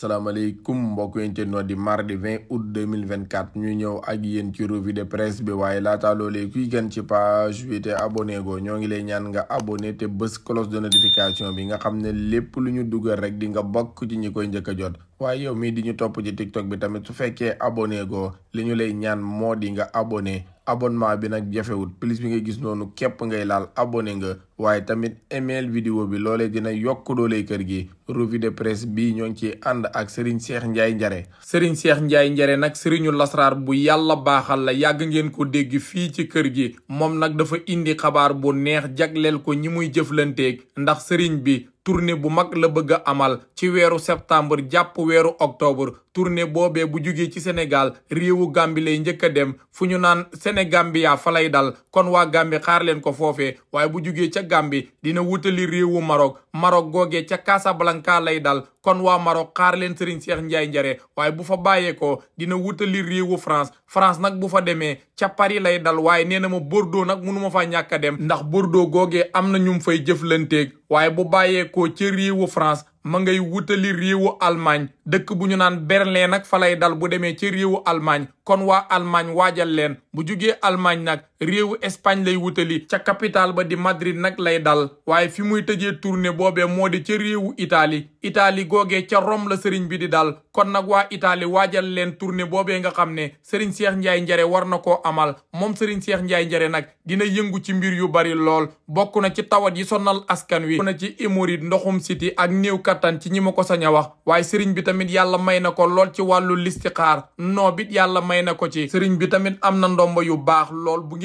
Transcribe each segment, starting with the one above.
salaamaaleykum mbokk internet di mardi 20 août 2024 ñu ñëw ak yéen ci revue de bi waaye laata loolee kuy gën ci page bi te abonné go ñoo ngi lay ñaan nga abonné te bës cloche de notification bi nga xam ne lépp lu ñu dugal rek di nga bokk ci ñi koy njëkk a jot waaye yow mii di ñu topp ci tiktok bi tamit su fekkee abone goo li ñu lay ñaan moo di nga abonné abonnement bi nag jafewut plus bi nga gis noonu képp ngay laal abone nga waaye tamit email vidéo bi loolee dina yokk doole kër gi revue de presse bi ñoo ngi ciy ànd ak Serigne Cheikh Ndiaye Njare Serigne Cheikh Ndiaye Njare nag Serigne Lasrar bu yàlla baaxal la yàgg ngeen ko dégg fii ci kër gi moom nag dafa indi xabaar bu neex jagleel ko ñi muy jëflanteeg ndax Serigne bi tourne bu mag la bëgg a amal ci weeru septembre jàpp weeru octobre tournée boobee bu jugee ci Sénégal réewu Gàmbi lay njëkk a dem fu ñu naan Sénégambia fa lay dal kon waa Gàmbi xaar leen ko foofee waaye bu jugee ca Gàmbi dina wutali réewu Maroc Maroc googee ca Casablanca lay dal kon waa maro xaar leen Serigne Cheikh Ndiaye njare waaye bu fa bàyyeekoo dina wutali réewu France France nag bu fa demee ca Paris lay dal waaye nee na ma Bordeaux nag munuma ma faa ñàkk a dem ndax Bordeaux googee am na ñum fay jëflanteeg waaye bu bàyyeekoo ca réewu France ma ngay wutali réewu Allemagne dëkk bu ñu naan Berlin nag fa lay dal bu demee ci réewu Allemagne kon waa Allemagne waajal leen bu jugee Allemagne nag réewu Espagne lay wutali ca capital ba di Madrid nag lay dal waaye fi muy tëjee tournée boobee moo di ca réewu Italie Italie googee ca Rome la sëriñ bi di dal kon nag waa Italie waajal leen tourne boobee nga xam ne sëriñ Seex Njaay Njare war na koo amal moom sëriñ Seex Njaay Njare nag dina yëngu ci mbir yu bari lool bokk na ci tawat yi sonal askan wi. bokk ci hémorroïde ndoxum siti ak néew kattan ci ñi ma ko sañ a wax waaye sëriñ bi tamit yàlla may na ko lool ci wàllu listixaar noo bit yàlla may na ko ci. sëriñ bi tamit am na ndomba yu baax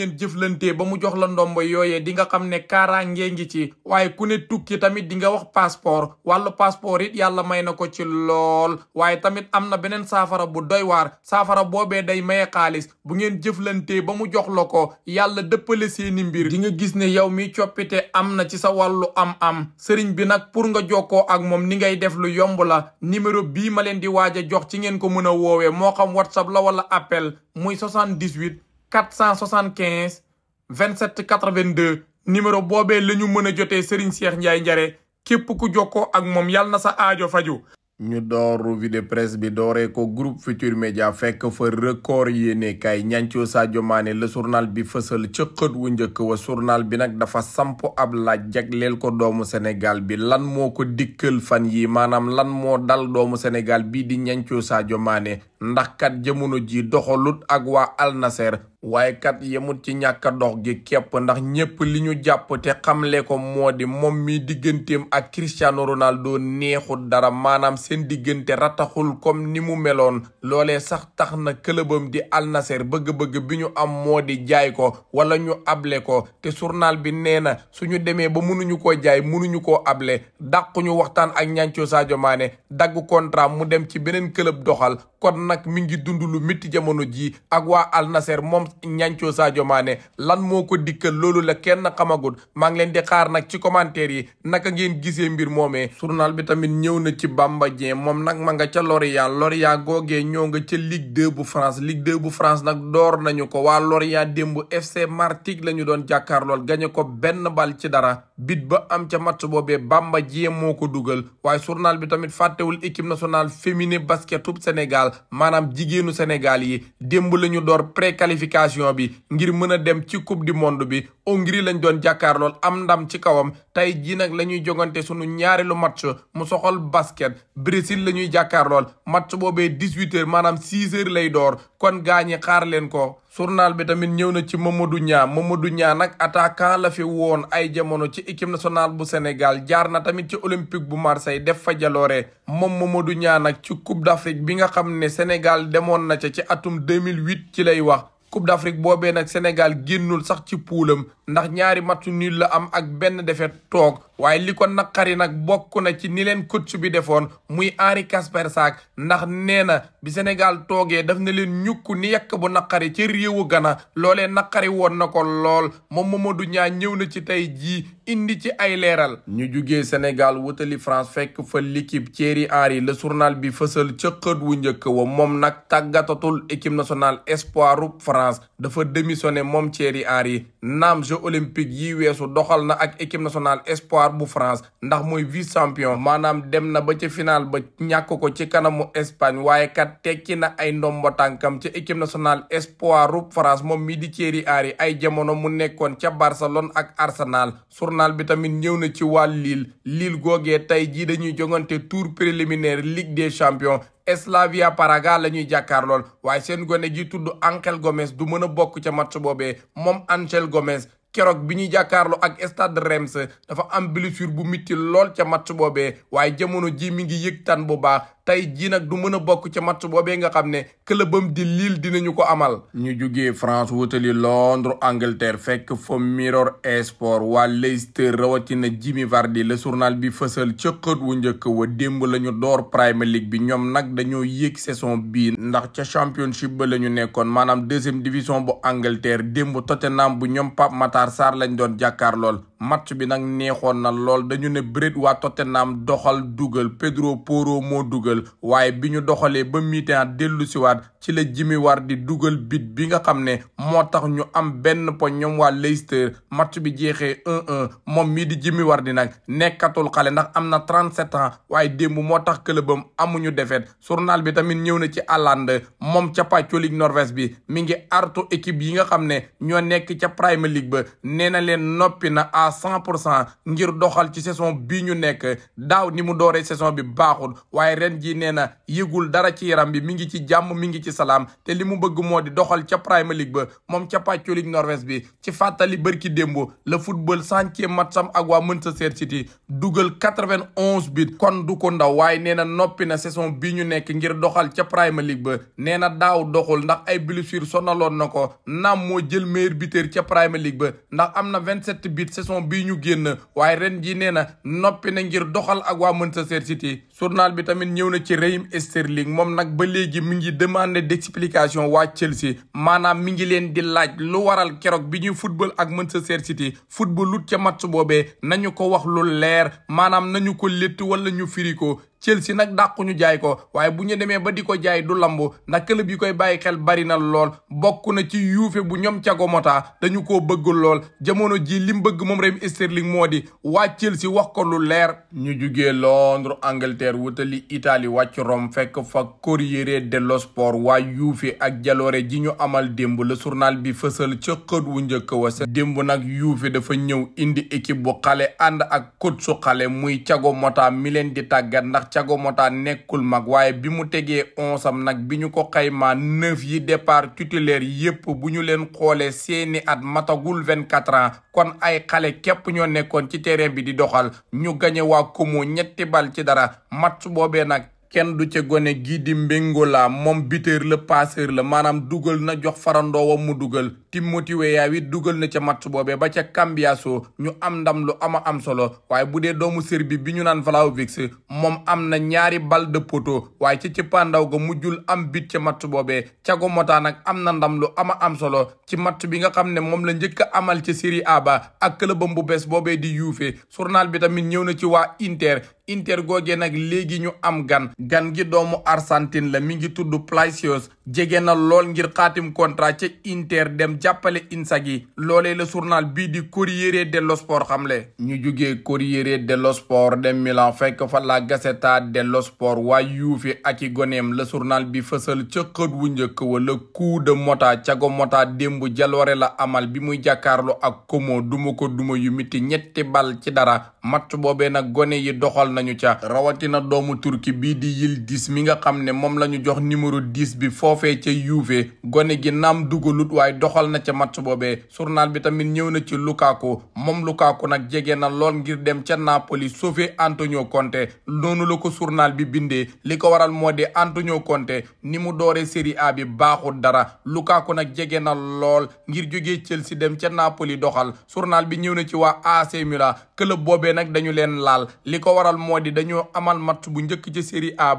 ngeen jëflante ba mu jox la ndombo yooyee di nga xam ne kaaraange ngi ci waaye ku ne tukki tamit di nga wax passeport wàllu passeport it yàlla may na ko ci lool waaye tamit am na beneen saafara bu doy waar saafara boobee day maye xaalis bu ngeen jëflante ba mu jox la ko yàlla dëppale seeni mbir di nga gis ne yow mi coppite am na ci sa wàllu am-am sëriñ bi nag pour nga jokkoo ak moom ni ngay def lu yomb la numéro bii ma leen di waaj a jox ci ngeen ko mën a woowee moo xam whatsapp la wala appel muy 78 475 27 82 numéro boobee la ñu mën a jotee Serigne Cheikh Ndiaye Njare képp ku jokkoo ak moom yàlla na sa aajo faju ñu door revue de presse bi dooree ko groupe Futur Média fekk fa record yéene kay ñancoo Sadio Mané la journal bi fësal ca wu njëkk wa journal bi nag dafa sampo ab laaj jagleel ko doomu Sénégal bi lan moo ko dikkal fan yi maanaam lan moo dal doomu Sénégal bii di ñancoo Sadio Mané ndax kat jamono ji doxalut ak waa Al waaye kat yemut ci ñàkk a dox gi képp ndax ñépp li ñu jàpp te xamle ko moo di moom mi digganteem ak Cristiano Ronaldo neexut dara maanaam seen diggante rataxul comme ni mu meloon loole sax tax na këlëbam di Al Nassr bëgg-bëgg bi ñu am moo di jaay ko wala ñu able ko te journal bi nee na suñu demee ba mënuñu ko jaay mënuñu ko able dàqu ñu waxtaan ak ñancoo Sadio maane dagg contrat mu dem ci beneen këlëb doxal kon nag mi ngi dund lu métti jamono ji ak wa Al moom ñancoo Sadio Mané lan moo ko dikkal loolu la kenn xamagut maa ngi leen di xaar nag ci commentaire yi naka ngeen gisee mbir moomee journal bi tamit ñëw na ci Bamba Dieng moom nag ma nga ca Lorient Lorient googee ñoo nga ca Ligue 2 bu France Ligue bu France nag door nañu ko waa Lorient démb FC Martigues la ñu doon jàkkaarlool gañe ko benn bal ci dara bit ba am ca match boobee Bamba Dieng ko dugal waaye journal bi tamit fàttewul équipe nationale féminine basketu Sénégal maanaam jigéenu Sénégal yi démb la ñu door préqualification bi ngir mën a dem ci coupe du monde bi Hongrie lañ doon jàkkaarlool am ndam ci kawam tey jii nag la ñuy jogante sunu ñaareelu match mu soxal basket Brésil la ñuy jàkkaarlool match boobee dix-huit heures maanaam six heures lay door kon gaañi xaar leen ko journal bi tamit ñëw na ci Mamadou du Mamadou Niang nag attaquant la fi woon ay jamono ci équipe nationale bu Sénégal jaar na tamit ci olympique bu Marseille def fa moom Mamadou Niang nag ci coupe d'Afrique bi nga xam ne Sénégal demoon na ca ci atum 2008 ci lay wax coupe d'Afrique boobee nag Sénégal génnul sax ci puulam ndax ñaari match nul la am ak benn defet toog waaye li ko naqari nag bokk na ci ni leen coach bi defoon muy Henri Casper Sack ndax nee na bi Sénégal toogee daf na leen ñukk ni yàkk bu naqari ci réewu Gana loolee naqari woon na ko lool moom Mamadou Niang ñëw na ci tey jii indi ci ay leeral ñu jugee Sénégal wutali France fekk fa l'équipe Thierry Henry le journal bi fësal ca wu njëkk wa moom nag tàggatatul équipe nationale espoir France dafa démissionné moom Thierry Henry naam Jeux olympiques yi weesu doxal na ak équipe nationale espoir espoir France ndax mooy vice champion maanaam dem na ba ca final ba ñàkk ko ci kanamu Espagne waaye kat tekki na ay ndombo tànkam ci équipe nationale espoir bu France moom mii di Thierry Henry ay jamono mu nekkoon ca Barcelone ak Arsenal journal bi tamit ñëw na ci waa Lille Lille googee tey jii dañuy jongante tour préliminaire Ligue des champion Slavia Praga la ñuy jàkkaar lool waaye seen gone ji tudd Angel Gomez du mën a bokk ca match boobee moom Angel Gomez keroog bi ñuy jàkkaarloo ak stade Reims dafa am blessure bu mitti lool ca match boobee waaye jamono ji mi ngi yëg tan bu baax tey jii nag du mën a bokk ca match boobee nga xam ne këlëbam di Lille dinañu ko amal. ñu jugee France wutali Londres Angleterre fekk fa Mirror Sport waa Leicester rawatina Jimmy Vardy le journal bi fësal ca xët wu njëkk wa démb la ñu door Premier League bi ñoom nag dañoo yéeg saison bii ndax ca championship ba la ñu nekkoon maanaam deuxième division bu Angleterre démb Tottenham bu ñoom Pape Matar Sarr lañ doon jàkkaar lool match bi nag neexoon na lool dañu ne bëreet waa Tottenham doxal dugal Pedro Porro moo dugal. dugal waaye bi ñu doxalee ba mi-temps dellu siwaat ci la Jimmy Ward di dugal bit bi nga xam ne moo tax ñu am benn poñ ñoom waa Leicester match bi jeexee 1-1 moom mii di Jimmy Ward nag nekkatul xale ndax am na trent 37 ans waaye démb moo tax këlëbam amuñu defet journal bi tamit ñëw na ci àlland moom ca pàccolig norvege bi mi ngi artu équipe yi nga xam ne ñoo nekk ca Premier League ba nee na leen noppi na à cent pour cent ngir doxal ci saison bii ñu nekk daaw ni mu dooree saison bi baaxul ji nee na yëgul dara ci yaram bi mi ngi ci jàmm mi ngi ci salaam te li mu bëgg moo di doxal ca Premier League ba moom ca pàccu Ligue Norvège bi ci fàttali bërki démbo la football centième matcham ak waa Manchester City dugal quatre-vingt-onze but kon du ko ndaw waaye nee na noppi na saison bi ñu nekk ngir doxal ca Premier League ba nee na daaw doxul ndax ay blessure sonaloon na ko naam moo jël mair buteur ca Premier League ba ndax am na vingt-sept but saison bi ñu génn waaye ren ji nee na noppi na ngir doxal ak waa Manchester City journal bi tamit ñëw na ci Raheem Sterling moom nag ba léegi mi ngi demandé d'explication waa Chelsea maanaam mi ngi leen di laaj lu waral keroog bi ñuy football ak Manchester City football lut ca match boobee nañu ko wax lu leer maanaam nañu ko létt wala ñu firi ko Chelsea nag dàquñu jaay ko waaye bu ñu demee ba di ko jaay du lambu ndax club bi koy bàyyi xel bari na lool bokk na ci yuufe bu ñoom Thiago Motta dañu ko bëgg lool jamono ji lim bëgg moom Raheem Sterling moo di waa Chelsea wax ko lu leer ñu jugee Londres Angleterre wutali Italie wàcc Rome fekk fa Corriere dello Sport waa yuufe ak jaloore ji ñu amal démb la surnal bi fësal ca xët wu njëkk wa sa démb nag yuufe dafa ñëw indi équipe bu xale ànd ak coach su kale muy Thiago Motta mi leen di tàggat ndax Thiago Motta nekkul mag waaye bi mu tegee onze am nag bi ñu ko xaymaa neuf yi départ titulaire yépp bu ñu leen xoolee seeni at matagul vingt quatre ans kon ay xale képp ñoo nekkoon ci terrain bi di doxal ñu gañe waa Como ñetti bal ci dara match boobee nag kenn du ca gone gii di Mbéngola moom buteur la passeur la maanaam dugal na jox farandoowam mu dugal Timothy Weah wi dugal na ca match boobee ba ca Cambiasso ñu am ndam lu ama am solo waaye bu dee doomu Serbie bi ñu naan Vlahovic moom am na ñaari bal de poto waaye ca cëppaandaw ga mujjul am bit ca match boobee Thiago Motta nag am na ndam lu ama am solo ci match bi nga xam ne moom la njëkk amal ca Serie A ba ak clubam bu bees boobee di Juve journal bi tamit ñëw na ci waa Inter Inter googee nag léegi ñu am gan gan gi doomu Argentine la mi ngi tudd Palacios jege na lool ngir xaatim contrat ci Inter dem jàppale Inzaghi loole la journal bii di Corriere dellosport xam xamle ñu jugee Corriere dello Sport dem Milan fekk fa la Gazzetta dello Sport waa Juve ak i goneem la journal bi fësal ca xët wu njëkk wala coup de Motta Thiago Motta démb jaloore la amal bi muy jàkkaarloo ak Como duma ko duma yu miti ñetti bal ci dara match boobee nag gone yi doxal nañu ca rawatina doomu turki bii di Yildiz mi nga xam ne moom lañu jox numéro 10 bi foofee ca Juve gone gi naam dugalut waaye doxal na ca match boobee journal bi tamit ñëw na ci Lukaku moom Lukaku nag jege na lool ngir dem ca Napoli sauver Antonio Conte noonu la ko journal bi bindee li ko waral moo di Antonio Conte ni mu dooree Serie A bi baaxul dara Lukaku nag jege na lool ngir jógee Chelsea dem ca Napoli doxal journal bi ñëw na ci waa AC Milan boobee nag dañu leen laal li ko waral moo dañoo amal match bu njëkk ca Serie A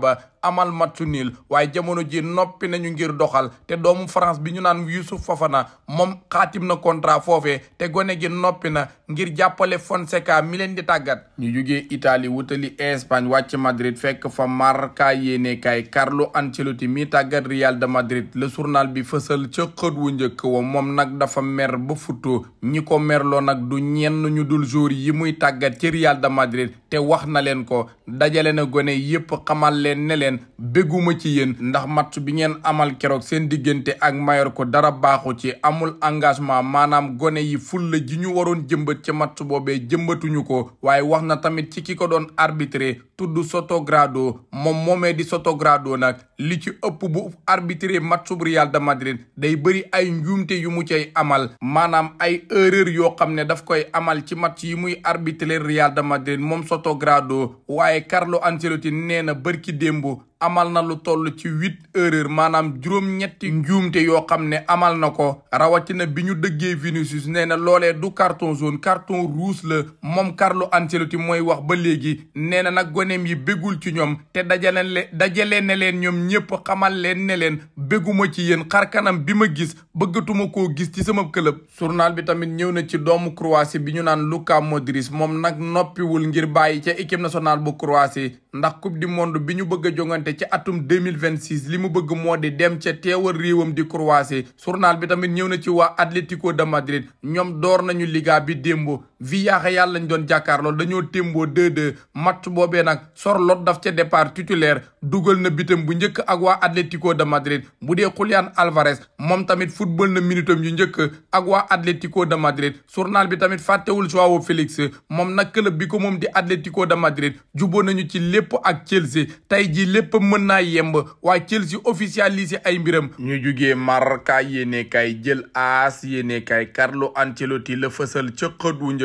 amal match nul waaye jamono ji noppi nañu ngir doxal te doomu France bi ñu naan Youssouf Fofana moom xaatim na contrat foofee te gone gi noppi na ngir jàppale Fonseca mi leen di tàggat ñu jógee Italie wutali Espagne wàcc Madrid fekk fa Marca yéenekaay Carlo Ancelotti mi tàggat Real de Madrid le journal bi fësal ca xët wu njëkk wa moom nag dafa mer ba futtoo ñi ko merloo nag du ñenn ñu dul jour yi muy tàggat ci Real de Madrid te wax na leen ko dajale na gone yépp xamal leen ne leen bégguma ci yéen ndax match bi ngeen amal keroog seen diggante ak ko dara baaxu ci amul engagement maanaam gone yi fulla ji ñu waroon jëmbat ci match boobee jëmbatuñu ko waaye wax na tamit ci ki ko doon arbitré tudd Sotogrado moom moomee di Sotogrado nag li ci ëpp bu arbitré match bu Real de Madrid day bëri ay njuumte yu mu cay amal maanaam ay erreur yoo xam ne daf koy amal ci match yi muy arbitré Real de Madrid moom Sotogrado waaye Carlo Ancelotti nee na bërki démb amal na lu toll ci huit erreur maanaam juróom-ñetti njuumte yoo xam ne amal na ko rawatina bi ñu dëggee Vinicius nee na loolee du carton jaune carton rouge la moom Carlo Ancelotti mooy wax ba léegi nee na nag goneem yi bégul ci ñoom te dajale le dajale ne leen ñoom ñëpp xamal leen ne leen béguma ci yéen xar kanam bi ma gis bëggatuma koo gis ci sama club. surnal bi tamit ñëw na ci doomu Croatie bi ñu naan Luka Modric moom nag noppiwul ngir bàyyi ca équipe nationale bu Croatie ndax coupe du bi ñu bëgg a jongante Kanté ci atum 2026 li mu bëgg moo di dem ce teewal réewam di Croatie journal bi tamit ñëw na ci waa Atlético de Madrid ñoom door nañu liga bi démb Villarreal lañ doon jàkkaarloo dañoo témboo 2-2 match boobee nag Sorloth daf ca départ titulaire dugal na bitam bu njëkk ak waa Atlético de Madrid bu dee Julián Alvarez moom tamit football na minutam yu njëkk ak waa Atlético de Madrid journal bi tamit fàttewul Joao Félix moom nag club bi ko moom di Atlético de Madrid juboo nañu ci lépp ak Chelsea tey jii lépp mën naa yemb waa Chelsea officialisé ay mbiram. ñu juge Marca yéene kay jël AS yéene kay Carlo Ancelotti la fësal ca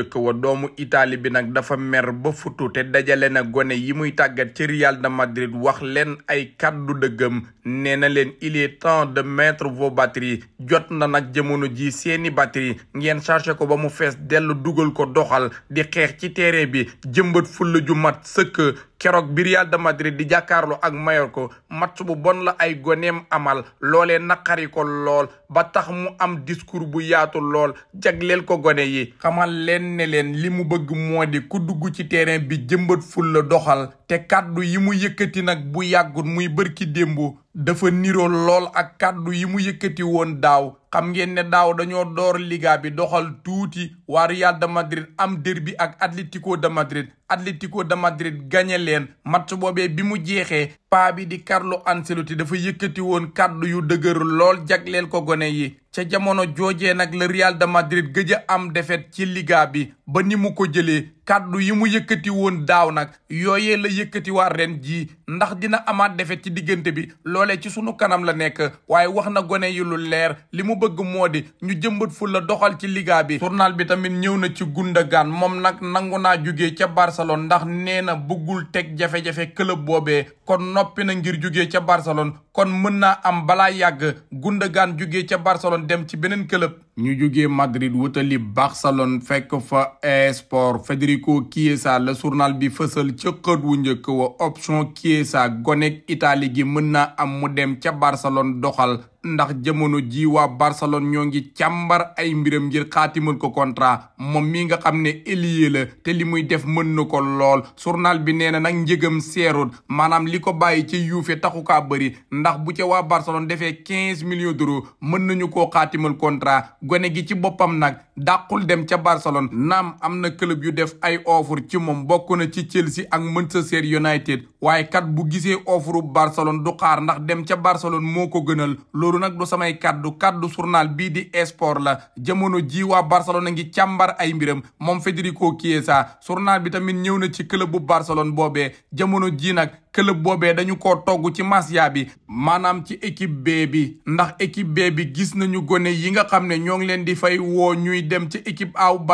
njëkk doomu itali bi nag dafa mer ba futu te dajale na gone yi muy tàggat ci Real de Madrid wax leen ay kàddu dëggam nee na leen il est temps de mettre vos batteries jot na nag jamono ji seeni batterie ngeen chargé ko ba mu fees dellu dugal ko doxal di xeex ci terrain bi jëmbat fulla ju mat sëkk keroog bi Real de Madrid di jàkkaarloo ak Mallorca match bu bon la ay goneem amal loolee naqari ko lool ba tax mu am diskur bu yaatu lool jagleel ko gone yi xamal leen ne leen li mu bëgg moo di ku dugg ci terrain bi jëmbat ful la doxal te kàddu yi mu yëkkëti nag bu yàggut muy bërki démbu dafa niroo lool ak kàddu yi mu yëkkati woon daaw xam ngeen ne daaw dañoo door liga bi doxal tuuti waa Real de Madrid am bi ak Atlético de Madrid Atlético de Madrid gañe leen match boobee bi mu jeexee paa bi di Carlo Ancelotti dafa yëkkati woon kàddu yu dëgër lool jagleel ko gone yi ca jamono joojee nag la Real de Madrid gëj a am defet ci liga bi ba ni mu ko jëlee kàddu yi mu yëkkati woon daaw nag yooyee la yëkkati waa den jii ndax dina amaat defet ci diggante bi loole ci sunu kanam la nekk waaye wax na gone yi lu leer li mu bëgg moo di ñu jëmbat fu la doxal ci liga bi journal bi tamit ñëw na ci Gundogan moom nag nangu naa jóge ca Barcelone ndax nee na bëggul teg jafe-jafe club boobee kon noppi na ngir jugee ca Barcelone kon mën naa am balaa yàgg Gundogan jugee ca Barcelone dem ci beneen club ñu jógee Madrid wutali Barcelone fekk fa esport Federico Chiesa la surnal bi fësal ca xët wu njëkk wa option Chiesa gonek itali gi mën naa am mu dem ca Barcelone doxal ndax jamono ji waa Barcelone ñoo ngi càmbar ay mbiram ngir xaatimal ko contrat moom mi nga xam ne ailier te li muy def mën na ko lool journal bi nee na nag njëgam seerut maanaam li ko bàyyi ci Juve taxu kaa bëri ndax bu ca waa Barcelone defee quinze millions d'euros mën nañu koo xaatimal contrat gone gi ci boppam nag dàqul dem ca Barcelone naam am na club yu def ay offre ci moom bokk na ci Chelsea ak Manchester United waaye kat bu gisee offre Barcelone du xaar ndax dem ca Barcelone moo ko gënal loolu nag du samay kaddu kaddu journal bii di esport la jamono ji waa Barcelone a ngi càmbar ay mbiram moom Federico Chiesa journal bi tamit ñëw na ci club bu Barcelone boobee jamono ji nag club boobee dañu ko togg ci Masia bi maanaam ci équipe B bi ndax équipe B bi gis nañu gone yi nga xam ne ñoo ngi leen di fay woo ñuy dem ci équipe A bu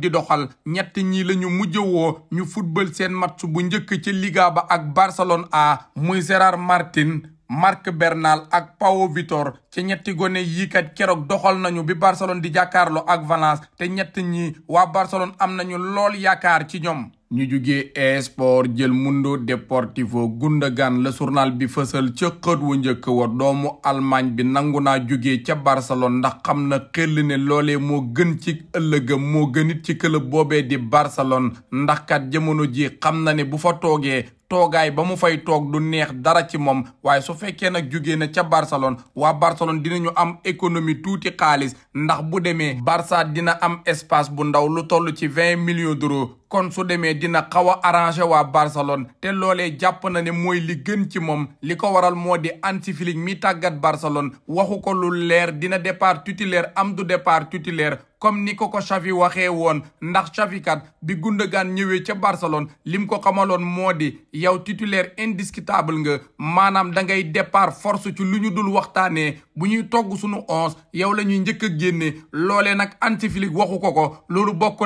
di doxal ñett ñi la ñu mujj woo ñu football seen match bu njëkk ci Liga ba ak Barcelone A muy Gérard Martin Marc Bernal ak Pau Vitor ci ñetti gone yi kat keroog doxal nañu bi Barcelone di jàkkaarloo ak Valence te ñett ñi waa Barcelone am nañu lool yaakaar ci ñoom. ñu jugee esport jël Mundo Deportivo Gundogan la journal bi fësal ca xët wu njëkk wa doomu almaañ bi nangu naa jugee ca Barcelone ndax xam na xel loole moo gën ci ëllëgam moo gënit ci club boobee di Barcelone ndax kat jamono ji xam na ne bu fa toogee. toogaay ba mu fay toog du neex dara ci moom waaye su fekkee nag jugee na ca Barcelone waa Barcelone dinañu am économie tuuti xaalis ndax bu demee Barça dina am espace bu ndaw lu toll ci vingt millions d'euros kon su demee dina xaw a arrangé waa Barcelone te loole jàpp na ne mooy li gën ci moom li ko waral moo di Hansi Flick mi tàggat Barcelone waxu ko lu leer dina départ titulaire am du départ titulaire comme ni ko ko Xavi waxee woon ndax Xavi kat bi Gundogan ñëwee ca Barcelone lim ko xamaloon moo di yow titulaire indiscutable nga maanaam dangay ngay départ force ci lu ñu dul waxtaanee bu ñuy togg sunu onze yow lañuy njëkk a génne loole nag Hansi waxu ko ko loolu bokk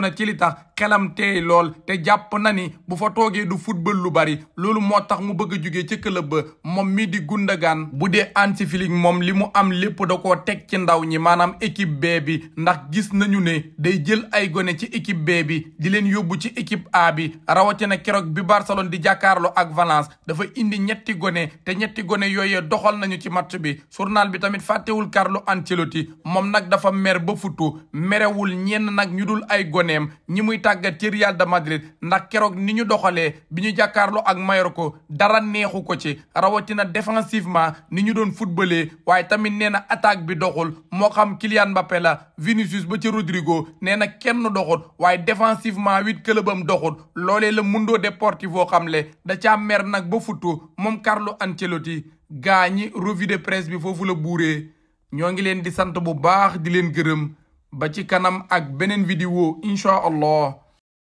lool te jàpp na ni bu fa toogee du football lu bari loolu moo tax mu bëgg a jugee ca club ba moom mi di Gundogan bu dee Hansi Flick moom li mu am lépp da koo teg ci ndaw ñi maanaam équipe B bi ndax gis nañu ne day jël ay gone ci équipe B bi di leen yóbbu ci équipe A bi rawatina keroog bi Barcelone di jàkkaarloo ak Valence dafa indi ñetti gone te ñetti gone yooyee doxal nañu ci match bi journal bi tamit fàttewul Carlo Ancelotti moom nag dafa mer ba futu merewul de Madrid ndax keroog ni ñu doxalee bi ñu jàkkaarloo ak Mallorca dara neexu ko ci rawatina défensivement ni ñu doon footballé waaye tamit nee na attaque bi doxul moo xam Kylian Mbappé la Vinicius ba ci Rodrigo nee na kenn doxul waaye défensivement wit këlëbam doxul loolee la Mundo xam xamle da caa mer nag ba futtu moom Carlo Ancelotti gaañi revue de presse bi foofu la buuree ñoo ngi leen di sant bu baax di leen gërëm ba ci kanam ak beneen vidéo incha allah